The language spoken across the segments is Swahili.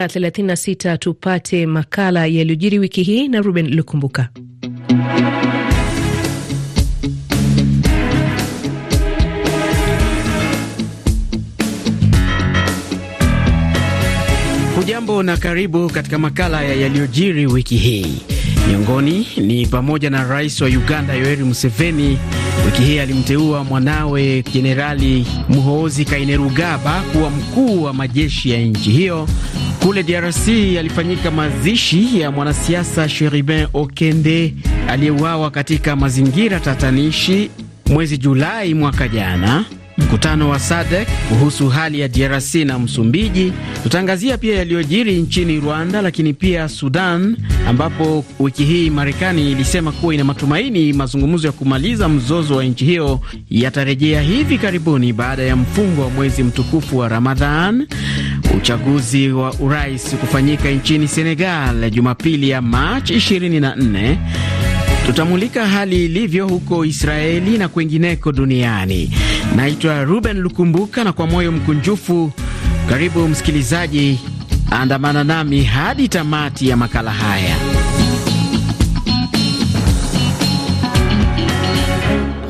36 tupate makala yaliyojiri wiki hii na Ruben Lukumbuka. Hujambo na karibu katika makala ya yaliyojiri wiki hii. Miongoni ni pamoja na rais wa Uganda Yoweri Museveni, wiki hii alimteua mwanawe Jenerali Muhoozi Kainerugaba kuwa mkuu wa majeshi ya nchi hiyo. Kule DRC alifanyika mazishi ya mwanasiasa Sheribin Okende aliyeuawa katika mazingira tatanishi mwezi Julai mwaka jana mkutano wa SADC kuhusu hali ya DRC na Msumbiji. Tutaangazia pia yaliyojiri nchini Rwanda, lakini pia Sudan, ambapo wiki hii Marekani ilisema kuwa ina matumaini mazungumzo ya kumaliza mzozo wa nchi hiyo yatarejea hivi karibuni baada ya mfungo wa mwezi mtukufu wa Ramadhan. Uchaguzi wa urais kufanyika nchini Senegal Jumapili ya Machi 24 Tutamulika hali ilivyo huko Israeli na kwengineko duniani. Naitwa Ruben Lukumbuka, na kwa moyo mkunjufu karibu msikilizaji, andamana nami hadi tamati ya makala haya.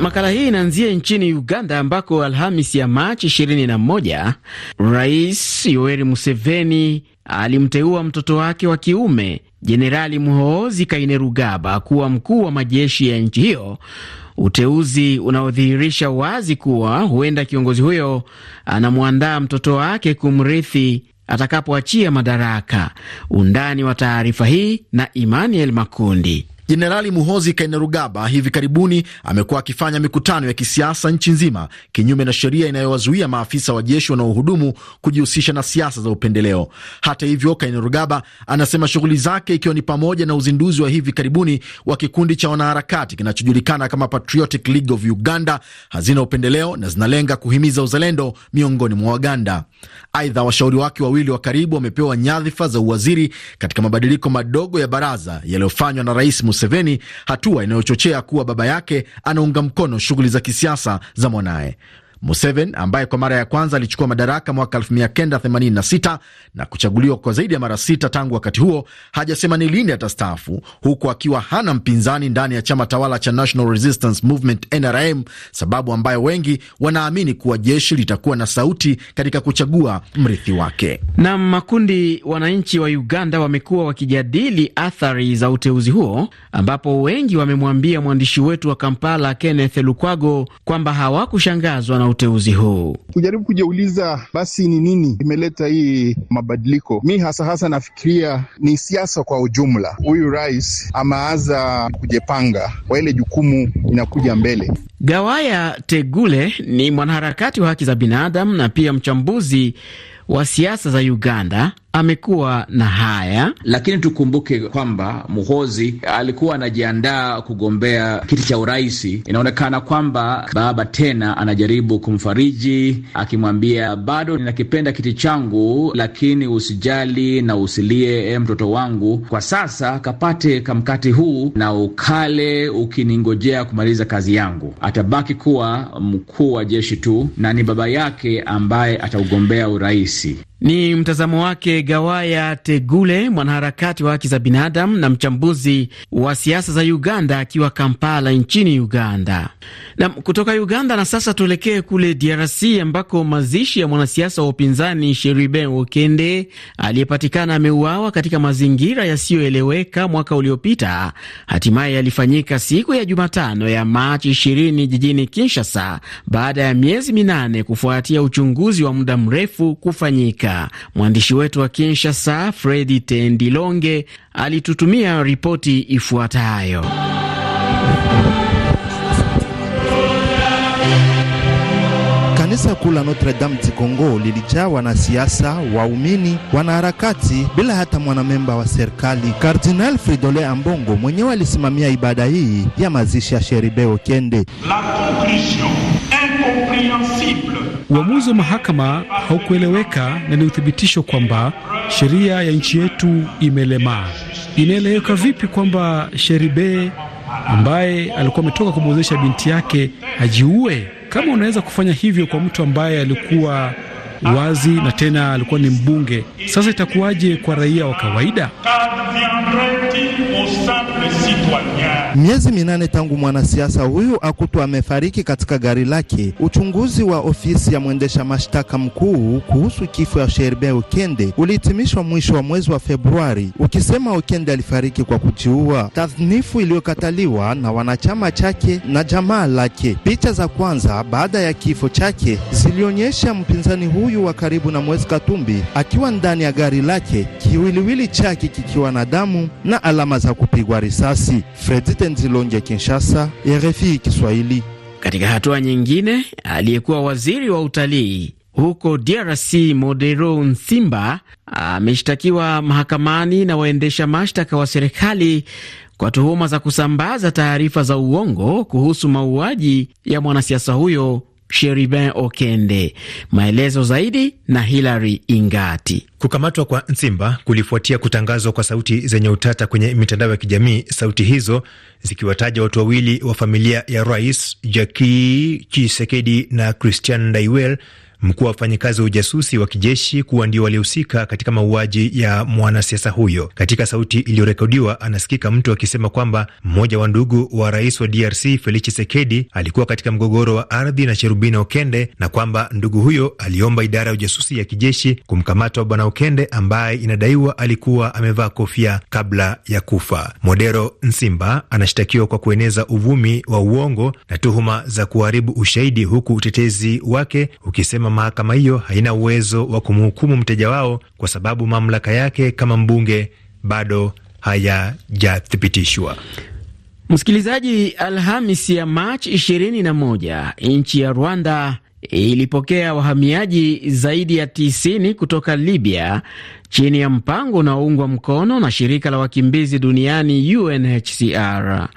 Makala hii inaanzia nchini Uganda ambako Alhamis ya Machi 21 Rais Yoweri Museveni alimteua mtoto wake wa kiume Jenerali Muhoozi Kainerugaba kuwa mkuu wa majeshi ya nchi hiyo, uteuzi unaodhihirisha wazi kuwa huenda kiongozi huyo anamwandaa mtoto wake kumrithi atakapoachia madaraka. Undani wa taarifa hii na Emmanuel Makundi. Jenerali Muhozi Kainerugaba hivi karibuni amekuwa akifanya mikutano ya kisiasa nchi nzima kinyume na sheria inayowazuia maafisa wa jeshi wanaohudumu kujihusisha na siasa za upendeleo. Hata hivyo, Kainerugaba anasema shughuli zake ikiwa ni pamoja na uzinduzi wa hivi karibuni wa kikundi cha wanaharakati kinachojulikana kama Patriotic League of Uganda hazina upendeleo na zinalenga kuhimiza uzalendo miongoni mwa Waganda. Aidha, washauri wake wawili wa karibu wamepewa nyadhifa za uwaziri katika mabadiliko madogo ya baraza yaliyofanywa na Rais Museveni, hatua inayochochea kuwa baba yake anaunga mkono shughuli za kisiasa za mwanaye. Museveni ambaye kwa mara ya kwanza alichukua madaraka mwaka 1986 na kuchaguliwa kwa zaidi ya mara sita tangu wakati huo, hajasema ni lini atastaafu, huku akiwa hana mpinzani ndani ya chama tawala cha National Resistance Movement NRM, sababu ambayo wengi wanaamini kuwa jeshi litakuwa na sauti katika kuchagua mrithi wake. Na makundi wananchi wa Uganda wamekuwa wakijadili athari za uteuzi huo, ambapo wengi wamemwambia mwandishi wetu wa Kampala Kenneth Lukwago kwamba hawakushangazwa na uteuzi huu. Kujaribu kujiuliza basi ni nini imeleta hii mabadiliko, mi hasa hasa nafikiria ni siasa kwa ujumla. Huyu rais ameaza kujepanga kwa ile jukumu inakuja mbele. Gawaya Tegule ni mwanaharakati wa haki za binadamu na pia mchambuzi wa siasa za Uganda amekuwa na haya, lakini tukumbuke kwamba Muhozi alikuwa anajiandaa kugombea kiti cha uraisi. Inaonekana kwamba baba tena anajaribu kumfariji akimwambia, bado ninakipenda kiti changu, lakini usijali na usilie, e mtoto wangu, kwa sasa kapate kamkati huu na ukale, ukiningojea kumaliza kazi yangu. Atabaki kuwa mkuu wa jeshi tu na ni baba yake ambaye ataugombea uraisi. Ni mtazamo wake Gawaya Tegule, mwanaharakati wa haki za binadamu na mchambuzi wa siasa za Uganda, akiwa Kampala nchini Uganda. nam kutoka Uganda na sasa tuelekee kule DRC ambako mazishi ya mwanasiasa wa upinzani Sheriben Okende aliyepatikana ameuawa katika mazingira yasiyoeleweka mwaka uliopita hatimaye yalifanyika siku ya Jumatano ya Machi 20 jijini Kinshasa baada ya miezi minane kufuatia uchunguzi wa muda mrefu kufanyika. Afrika. Mwandishi wetu wa Kinshasa, Fredi Tendilonge, alitutumia ripoti ifuatayo. Kanisa kuu la Notre Dame du Congo lilijaa wanasiasa, waumini, wanaharakati bila hata mwanamemba wa serikali. Kardinal Fridole Ambongo mwenyewe alisimamia ibada hii ya mazishi ya Sheribeo Kende. La conclusion incomprehensible Uamuzi wa mahakama haukueleweka na ni uthibitisho kwamba sheria ya nchi yetu imelemaa. Inaeleweka vipi kwamba Sheribe ambaye alikuwa ametoka kumwezesha binti yake ajiue? Kama unaweza kufanya hivyo kwa mtu ambaye alikuwa wazi na tena alikuwa ni mbunge. Sasa itakuwaje kwa raia wa kawaida? Miezi minane tangu mwanasiasa huyu akutwa amefariki katika gari lake. Uchunguzi wa ofisi ya mwendesha mashtaka mkuu kuhusu kifo ya Sherbe Okende ulihitimishwa mwisho wa mwezi wa Februari ukisema Okende alifariki kwa kujiua, tathnifu iliyokataliwa na wanachama chake na jamaa lake. Picha za kwanza baada ya kifo chake zilionyesha mpinzani huyu huyu wa karibu na Moise Katumbi akiwa ndani ya gari lake, kiwiliwili chake kikiwa na damu na alama za kupigwa risasi. Fredi Tenzilonge, Kinshasa, RFI Kiswahili. Katika hatua nyingine, aliyekuwa waziri wa utalii huko DRC Modero Nsimba ameshtakiwa mahakamani na waendesha mashtaka wa serikali kwa tuhuma za kusambaza taarifa za uongo kuhusu mauaji ya mwanasiasa huyo Sheribin Okende. Maelezo zaidi na Hilary Ingati. Kukamatwa kwa Nsimba kulifuatia kutangazwa kwa sauti zenye utata kwenye mitandao ya kijamii, sauti hizo zikiwataja watu wawili wa familia ya rais Jaki Chisekedi na Christian Daiwel mkuu wa wafanyakazi wa ujasusi wa kijeshi kuwa ndio waliohusika katika mauaji ya mwanasiasa huyo. Katika sauti iliyorekodiwa, anasikika mtu akisema kwamba mmoja wa ndugu wa rais wa DRC Felix Tshisekedi alikuwa katika mgogoro wa ardhi na Cherubina Okende na kwamba ndugu huyo aliomba idara ya ujasusi ya kijeshi kumkamata Bwana Okende ambaye inadaiwa alikuwa amevaa kofia kabla ya kufa. Modero Nsimba anashtakiwa kwa kueneza uvumi wa uongo na tuhuma za kuharibu ushahidi huku utetezi wake ukisema mahakama hiyo haina uwezo wa kumhukumu mteja wao kwa sababu mamlaka yake kama mbunge bado hayajathibitishwa. Msikilizaji, Alhamis ya Machi 21 nchi ya Rwanda ilipokea wahamiaji zaidi ya 90 kutoka Libya chini ya mpango unaoungwa mkono na shirika la wakimbizi duniani UNHCR.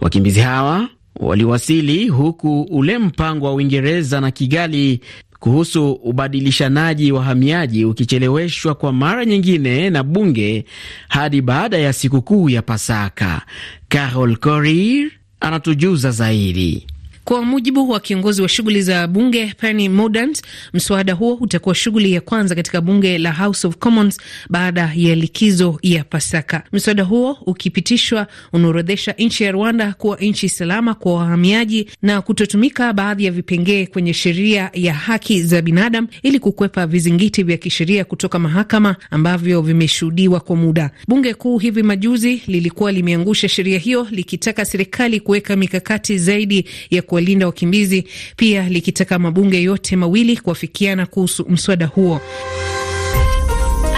Wakimbizi hawa waliwasili huku ule mpango wa Uingereza na Kigali kuhusu ubadilishanaji wahamiaji ukicheleweshwa kwa mara nyingine na bunge hadi baada ya sikukuu ya Pasaka. Carol corir anatujuza zaidi. Kwa mujibu wa kiongozi wa shughuli za bunge Penny Mordaunt, mswada huo utakuwa shughuli ya kwanza katika bunge la House of Commons baada ya likizo ya Pasaka. Mswada huo ukipitishwa, unaorodhesha nchi ya Rwanda kuwa nchi salama kwa wahamiaji na kutotumika baadhi ya vipengee kwenye sheria ya haki za binadamu ili kukwepa vizingiti vya kisheria kutoka mahakama ambavyo vimeshuhudiwa kwa muda. Bunge kuu hivi majuzi lilikuwa limeangusha sheria hiyo likitaka serikali kuweka mikakati zaidi ya kuwalinda wakimbizi, pia likitaka mabunge yote mawili kuafikiana kuhusu mswada huo.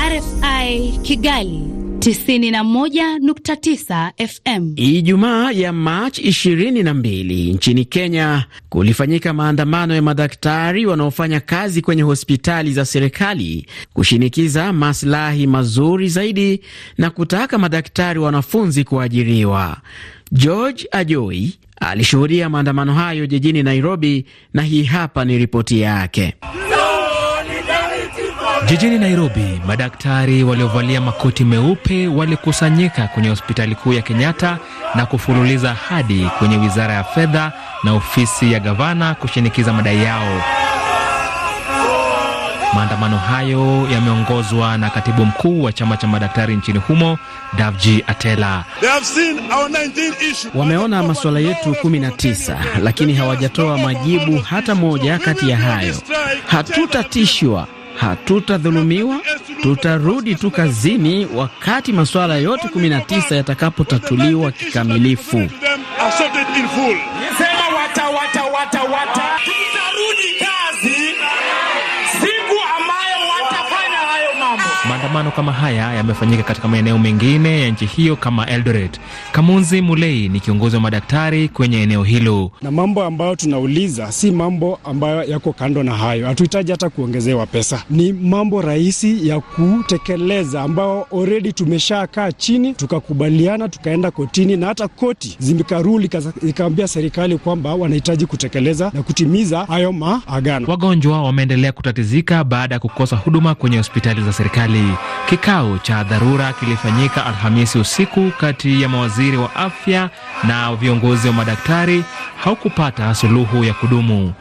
RFI Kigali 91.9 FM. Ijumaa ya Machi 22 nchini Kenya kulifanyika maandamano ya madaktari wanaofanya kazi kwenye hospitali za serikali kushinikiza maslahi mazuri zaidi na kutaka madaktari wanafunzi kuajiriwa. George Ajoi alishuhudia maandamano hayo jijini Nairobi, na hii hapa ni ripoti yake. Jijini Nairobi, madaktari waliovalia makoti meupe walikusanyika kwenye hospitali kuu ya Kenyatta na kufululiza hadi kwenye wizara ya fedha na ofisi ya gavana kushinikiza madai yao. Maandamano hayo yameongozwa na katibu mkuu wa chama cha madaktari nchini humo Davji Atela. Wameona masuala yetu kumi na tisa, lakini hawajatoa majibu hata moja kati ya hayo. Hatutatishwa, hatutadhulumiwa, tutarudi tu kazini wakati masuala yote kumi na tisa yatakapotatuliwa kikamilifu. Wata, wata, wata, wata. Maandamano kama haya yamefanyika katika maeneo mengine ya nchi hiyo kama Eldoret. Kamunzi Mulei ni kiongozi wa madaktari kwenye eneo hilo. Na mambo ambayo tunauliza si mambo ambayo yako kando na hayo, hatuhitaji hata kuongezewa pesa, ni mambo rahisi ya kutekeleza ambao already tumeshakaa chini tukakubaliana, tukaenda kotini na hata koti zimekaruli ikaambia serikali kwamba wanahitaji kutekeleza na kutimiza hayo maagano. Wagonjwa wameendelea kutatizika baada ya kukosa huduma kwenye hospitali za serikali. Kikao cha dharura kilifanyika Alhamisi usiku kati ya mawaziri wa afya na viongozi wa madaktari, haukupata suluhu ya kudumu.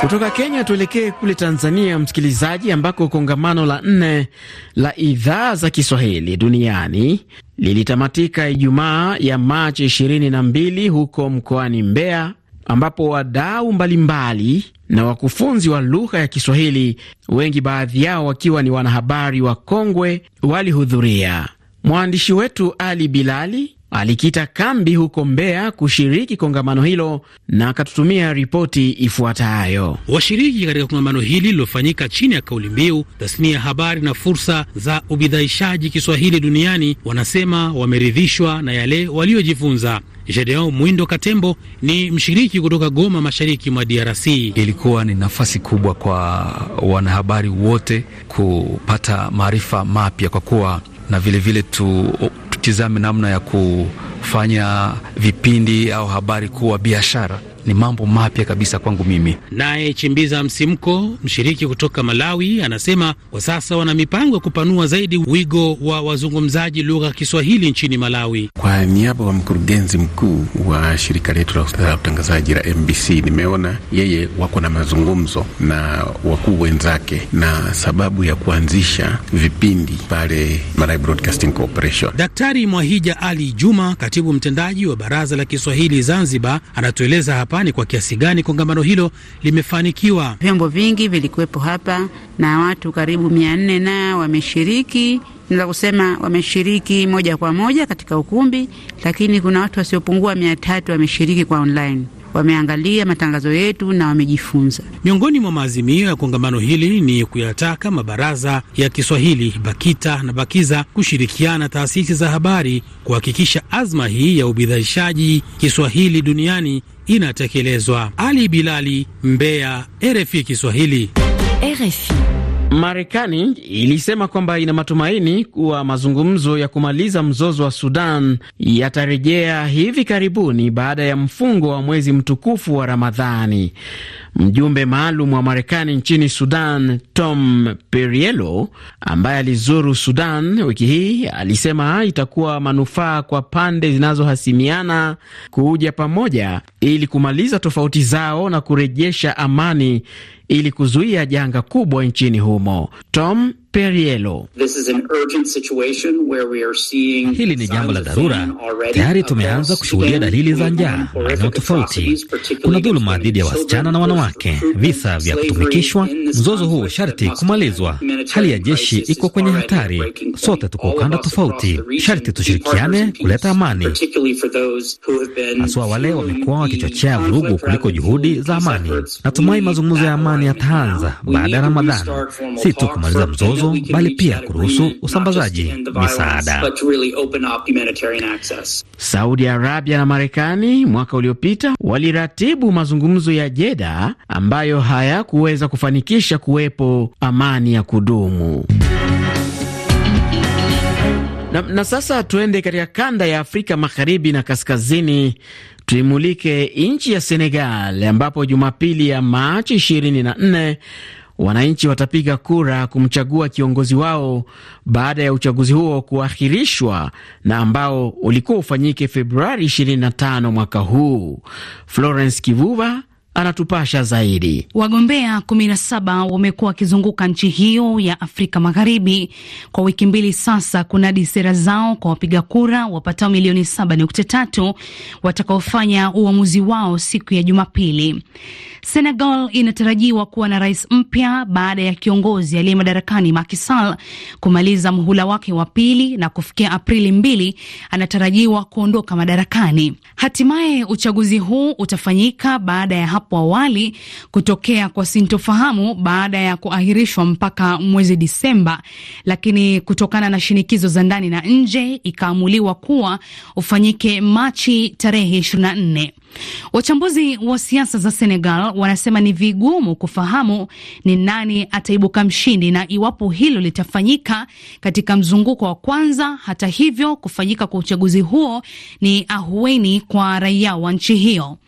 Kutoka Kenya tuelekee kule Tanzania, msikilizaji, ambako kongamano la nne la idhaa za Kiswahili duniani lilitamatika Ijumaa ya Machi 22 huko mkoani Mbeya ambapo wadau mbalimbali na wakufunzi wa lugha ya Kiswahili, wengi baadhi yao wakiwa ni wanahabari wa kongwe walihudhuria. Mwandishi wetu Ali Bilali alikita kambi huko Mbeya kushiriki kongamano hilo na akatutumia ripoti ifuatayo. Washiriki katika kongamano hili lilofanyika chini ya kauli mbiu tasnia ya habari na fursa za ubidhaishaji Kiswahili duniani wanasema wameridhishwa na yale waliojifunza. Gedeon Mwindo Katembo ni mshiriki kutoka Goma, mashariki mwa DRC. Ilikuwa ni nafasi kubwa kwa wanahabari wote kupata maarifa mapya kwa kuwa na vilevile vile tu tutizame namna ya kufanya vipindi au habari kuwa biashara ni mambo mapya kabisa kwangu mimi. Naye Chimbiza Msimko, mshiriki kutoka Malawi, anasema kwa sasa wana mipango ya kupanua zaidi wigo wa wazungumzaji lugha ya Kiswahili nchini Malawi. Kwa niaba wa mkurugenzi mkuu wa shirika letu la utangazaji la MBC, nimeona yeye wako na mazungumzo na wakuu wenzake na sababu ya kuanzisha vipindi pale Malawi Broadcasting Corporation. Daktari Mwahija Ali Juma, katibu mtendaji wa Baraza la Kiswahili Zanzibar, anatueleza hapa hapa ni kwa kiasi gani kongamano hilo limefanikiwa. Vyombo vingi vilikuwepo hapa na watu karibu mia nne na wameshiriki Naweza kusema wameshiriki moja kwa moja katika ukumbi, lakini kuna watu wasiopungua mia tatu wameshiriki kwa online wameangalia matangazo yetu na wamejifunza. Miongoni mwa maazimio ya kongamano hili ni kuyataka mabaraza ya Kiswahili, BAKITA na BAKIZA kushirikiana taasisi za habari kuhakikisha azma hii ya ubidhaishaji Kiswahili duniani inatekelezwa. Ali Bilali, Mbeya, RFI Kiswahili, RFI. Marekani ilisema kwamba ina matumaini kuwa mazungumzo ya kumaliza mzozo wa Sudan yatarejea hivi karibuni baada ya mfungo wa mwezi mtukufu wa Ramadhani. Mjumbe maalum wa Marekani nchini Sudan, Tom Perriello, ambaye alizuru Sudan wiki hii, alisema itakuwa manufaa kwa pande zinazohasimiana kuja pamoja ili kumaliza tofauti zao na kurejesha amani ili kuzuia janga kubwa nchini humo. Tom Perielo. Hili ni jambo la dharura. Tayari tumeanza kushuhudia dalili za njaa maeneo tofauti. Kuna dhuluma dhidi ya wasichana na wanawake, visa vya kutumikishwa. Mzozo huu sharti kumalizwa. Hali ya jeshi iko kwenye hatari. Sote tuko ukanda tofauti, sharti tushirikiane kuleta amani, haswa wale wamekuwa wakichochea vurugu kuliko juhudi za amani. Natumai mazungumzo ya amani yataanza baada ya Ramadhani, si tu kumaliza mzozo vikwazo, bali pia kuruhusu usambazaji misaada. Saudi Arabia na Marekani mwaka uliopita waliratibu mazungumzo ya jeda ambayo hayakuweza kufanikisha kuwepo amani ya kudumu. Na, na sasa tuende katika kanda ya Afrika Magharibi na Kaskazini. Tuimulike nchi ya Senegal ambapo Jumapili ya Machi 24 wananchi watapiga kura kumchagua kiongozi wao baada ya uchaguzi huo kuahirishwa na ambao ulikuwa ufanyike Februari 25 mwaka huu. Florence Kivuva anatupasha zaidi. Wagombea 17 wamekuwa wakizunguka nchi hiyo ya Afrika Magharibi kwa wiki mbili sasa kunadi sera zao kwa wapiga kura wapatao milioni 7.3 watakaofanya uamuzi wao siku ya Jumapili. Senegal inatarajiwa kuwa na rais mpya baada ya kiongozi aliye madarakani Macky Sall kumaliza mhula wake wa pili na kufikia Aprili mbili anatarajiwa kuondoka madarakani. Hatimaye uchaguzi huu utafanyika baada ya hapo awali kutokea kwa sintofahamu baada ya kuahirishwa mpaka mwezi Disemba, lakini kutokana na shinikizo za ndani na nje ikaamuliwa kuwa ufanyike Machi tarehe 24. Wachambuzi wa siasa za Senegal wanasema ni vigumu kufahamu ni nani ataibuka mshindi na iwapo hilo litafanyika katika mzunguko wa kwanza. Hata hivyo, kufanyika kwa uchaguzi huo ni ahueni kwa raia wa nchi hiyo.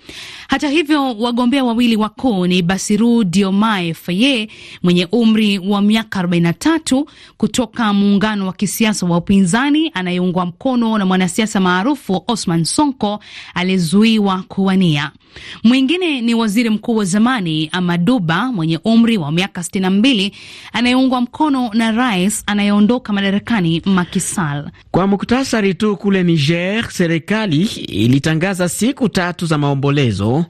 Hata hivyo, wagombea wawili wakuu ni Basiru Diomaye Faye mwenye umri wa miaka 43 kutoka muungano wa kisiasa wa upinzani anayeungwa mkono na mwanasiasa maarufu Osman Sonko aliyezuiwa kuwania Mwingine ni waziri mkuu wa zamani Amaduba mwenye umri wa miaka 62 anayeungwa mkono na rais anayeondoka madarakani Makisal. Kwa muktasari tu, kule Niger serikali ilitangaza siku tatu za maombolezo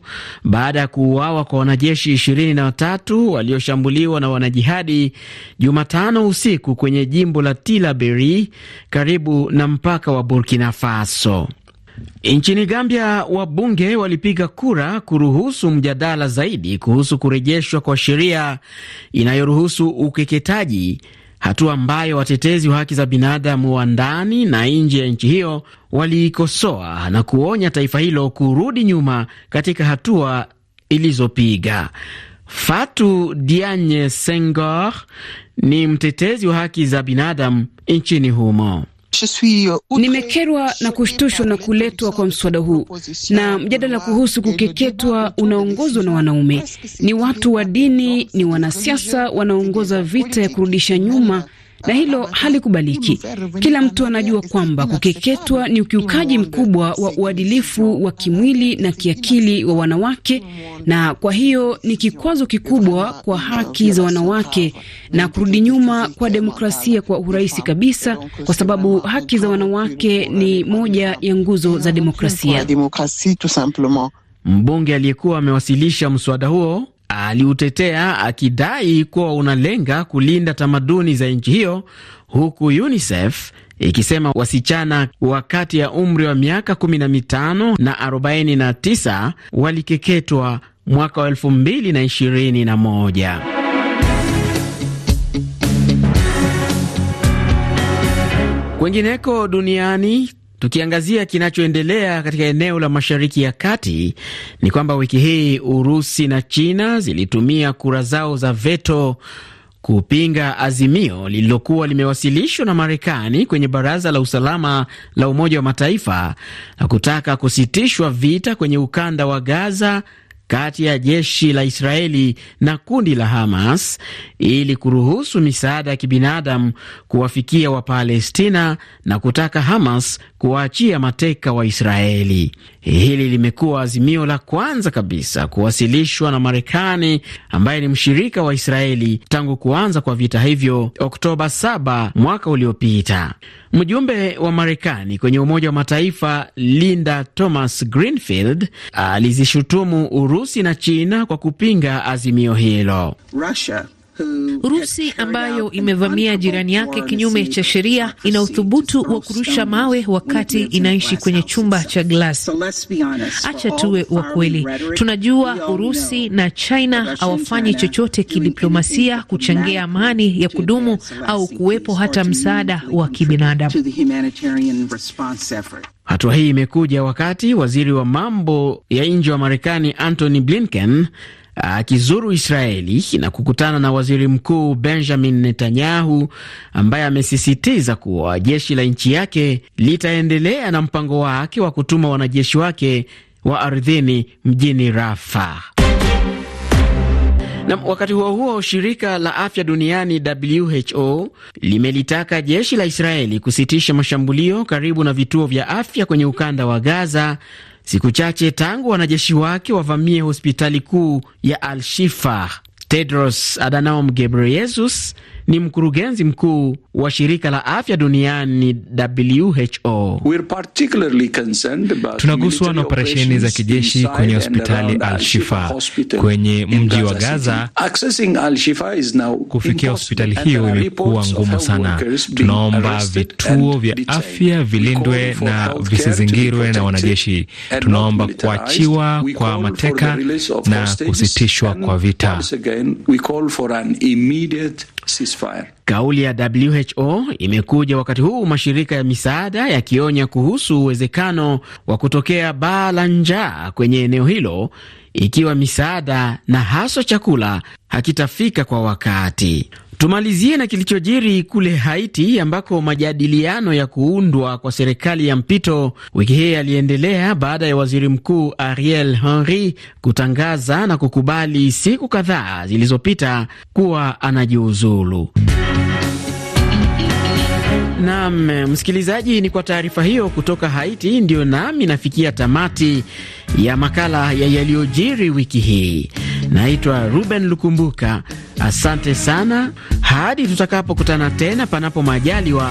baada ya kuuawa kwa wanajeshi 23 walioshambuliwa na wanajihadi Jumatano usiku kwenye jimbo la Tilaberi karibu na mpaka wa Burkina Faso. Nchini Gambia wabunge walipiga kura kuruhusu mjadala zaidi kuhusu kurejeshwa kwa sheria inayoruhusu ukeketaji, hatua ambayo watetezi wa haki za binadamu wa ndani na nje ya nchi hiyo waliikosoa na kuonya taifa hilo kurudi nyuma katika hatua ilizopiga. Fatu Diagne Senghor ni mtetezi wa haki za binadamu nchini humo. Euh, Nimekerwa na kushtushwa na kuletwa kwa mswada huu na mjadala kuhusu kukeketwa unaongozwa na wanaume. Ni watu wa dini, ni wanasiasa wanaongoza vita ya kurudisha nyuma na hilo halikubaliki. Kila mtu anajua kwamba kukeketwa ni ukiukaji mkubwa wa uadilifu wa kimwili na kiakili wa wanawake, na kwa hiyo ni kikwazo kikubwa kwa haki za wanawake na kurudi nyuma kwa demokrasia kwa urahisi kabisa, kwa sababu haki za wanawake ni moja ya nguzo za demokrasia. Mbunge aliyekuwa amewasilisha mswada huo aliutetea akidai kuwa unalenga kulinda tamaduni za nchi hiyo, huku UNICEF ikisema wasichana wa kati ya umri wa miaka 15 na 49 walikeketwa mwaka wa 2021. Kwengineko duniani, Tukiangazia kinachoendelea katika eneo la Mashariki ya Kati ni kwamba wiki hii Urusi na China zilitumia kura zao za veto kupinga azimio lililokuwa limewasilishwa na Marekani kwenye Baraza la Usalama la Umoja wa Mataifa na kutaka kusitishwa vita kwenye ukanda wa Gaza kati ya jeshi la Israeli na kundi la Hamas ili kuruhusu misaada ya kibinadamu kuwafikia Wapalestina na kutaka Hamas kuwaachia mateka wa Israeli. Hili limekuwa azimio la kwanza kabisa kuwasilishwa na Marekani ambaye ni mshirika wa Israeli tangu kuanza kwa vita hivyo Oktoba 7 mwaka uliopita. Mjumbe wa Marekani kwenye Umoja wa Mataifa Linda Thomas Greenfield alizishutumu Urusi na China kwa kupinga azimio hilo. Russia. Urusi ambayo imevamia jirani yake kinyume cha sheria ina uthubutu wa kurusha mawe wakati inaishi kwenye chumba cha glasi. Acha tuwe wa kweli, tunajua Urusi na China hawafanyi chochote kidiplomasia kuchangia amani ya kudumu au kuwepo hata msaada wa kibinadamu. Hatua hii imekuja wakati waziri wa mambo ya nje wa Marekani Antony Blinken akizuru Israeli na kukutana na waziri mkuu Benjamin Netanyahu ambaye amesisitiza kuwa jeshi la nchi yake litaendelea na mpango wake wa kutuma wanajeshi wake wa ardhini mjini Rafa. Na wakati huo huo, shirika la afya duniani WHO limelitaka jeshi la Israeli kusitisha mashambulio karibu na vituo vya afya kwenye ukanda wa Gaza, siku chache tangu wanajeshi wake wavamie hospitali kuu ya Al-Shifa. Tedros Adhanom Ghebreyesus ni mkurugenzi mkuu wa shirika la afya duniani WHO. Tunaguswa na operesheni za kijeshi kwenye hospitali Al-Shifa kwenye mji wa Gaza. Kufikia hospitali hiyo imekuwa ngumu sana. Tunaomba vituo vya afya vilindwe na visizingirwe na wanajeshi. Tunaomba kuachiwa kwa mateka na kusitishwa kwa vita ceasefire. Kauli ya WHO imekuja wakati huu mashirika ya misaada yakionya kuhusu uwezekano wa kutokea baa la njaa kwenye eneo hilo ikiwa misaada na haswa chakula hakitafika kwa wakati. Tumalizie na kilichojiri kule Haiti ambako majadiliano ya kuundwa kwa serikali ya mpito wiki hii yaliendelea baada ya waziri mkuu Ariel Henry kutangaza na kukubali siku kadhaa zilizopita kuwa anajiuzulu. Nam msikilizaji, ni kwa taarifa hiyo kutoka Haiti ndiyo nami nafikia tamati ya makala ya yaliyojiri wiki hii. Naitwa Ruben Lukumbuka, asante sana. Hadi tutakapokutana tena, panapo majaliwa,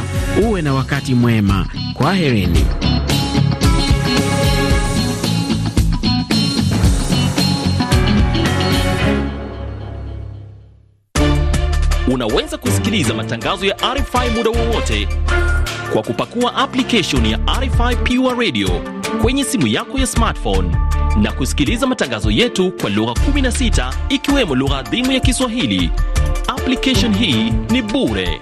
uwe na wakati mwema. Kwa hereni. Unaweza kusikiliza matangazo ya RFI muda wowote kwa kupakua application ya RFI Pure Radio kwenye simu yako ya smartphone na kusikiliza matangazo yetu kwa lugha 16 ikiwemo lugha adhimu ya Kiswahili. Application hii ni bure.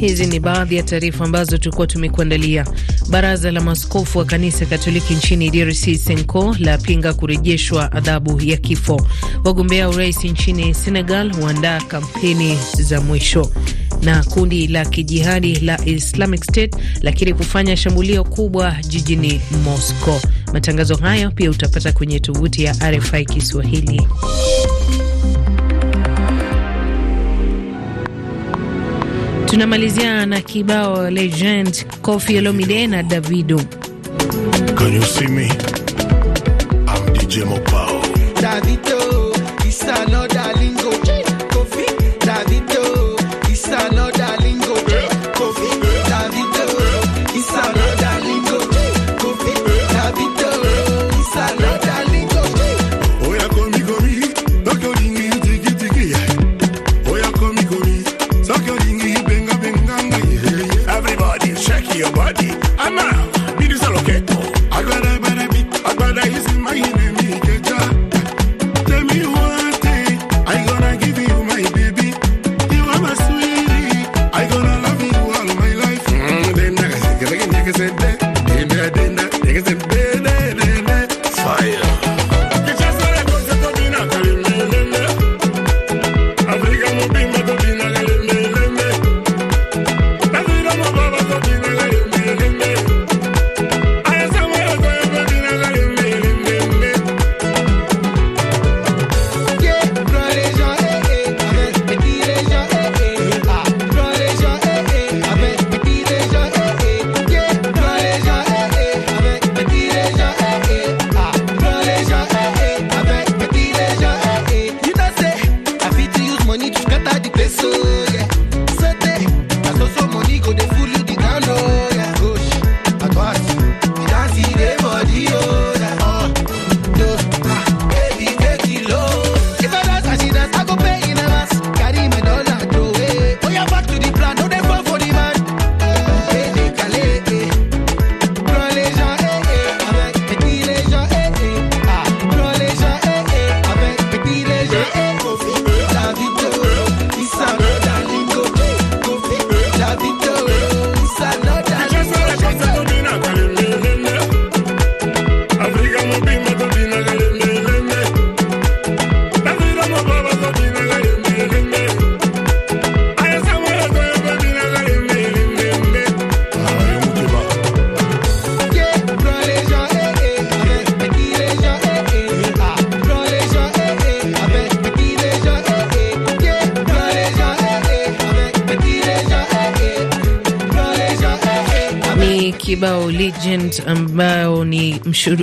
Hizi ni baadhi ya taarifa ambazo tulikuwa tumekuandalia. Baraza la maskofu wa kanisa Katoliki nchini DRC Senko la pinga kurejeshwa adhabu ya kifo. Wagombea urais nchini Senegal huandaa kampeni za mwisho na kundi la kijihadi la Islamic State lakini kufanya shambulio kubwa jijini Moscow. Matangazo hayo pia utapata kwenye tovuti ya RFI Kiswahili. Tunamalizia na kibao Legend Koffi Olomide na Davido. Can you see me? I'm DJ Mopao. Davido,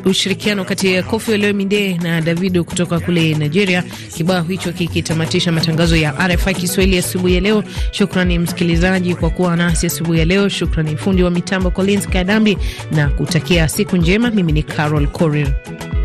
ushirikiano kati ya Kofi Olomide na Davido kutoka kule Nigeria. Kibao hicho kikitamatisha matangazo ya RFI Kiswahili asubuhi ya leo. Shukrani msikilizaji kwa kuwa nasi asubuhi ya leo. Shukrani fundi wa mitambo Collins Kadambi na kutakia siku njema. Mimi ni Carol Korir.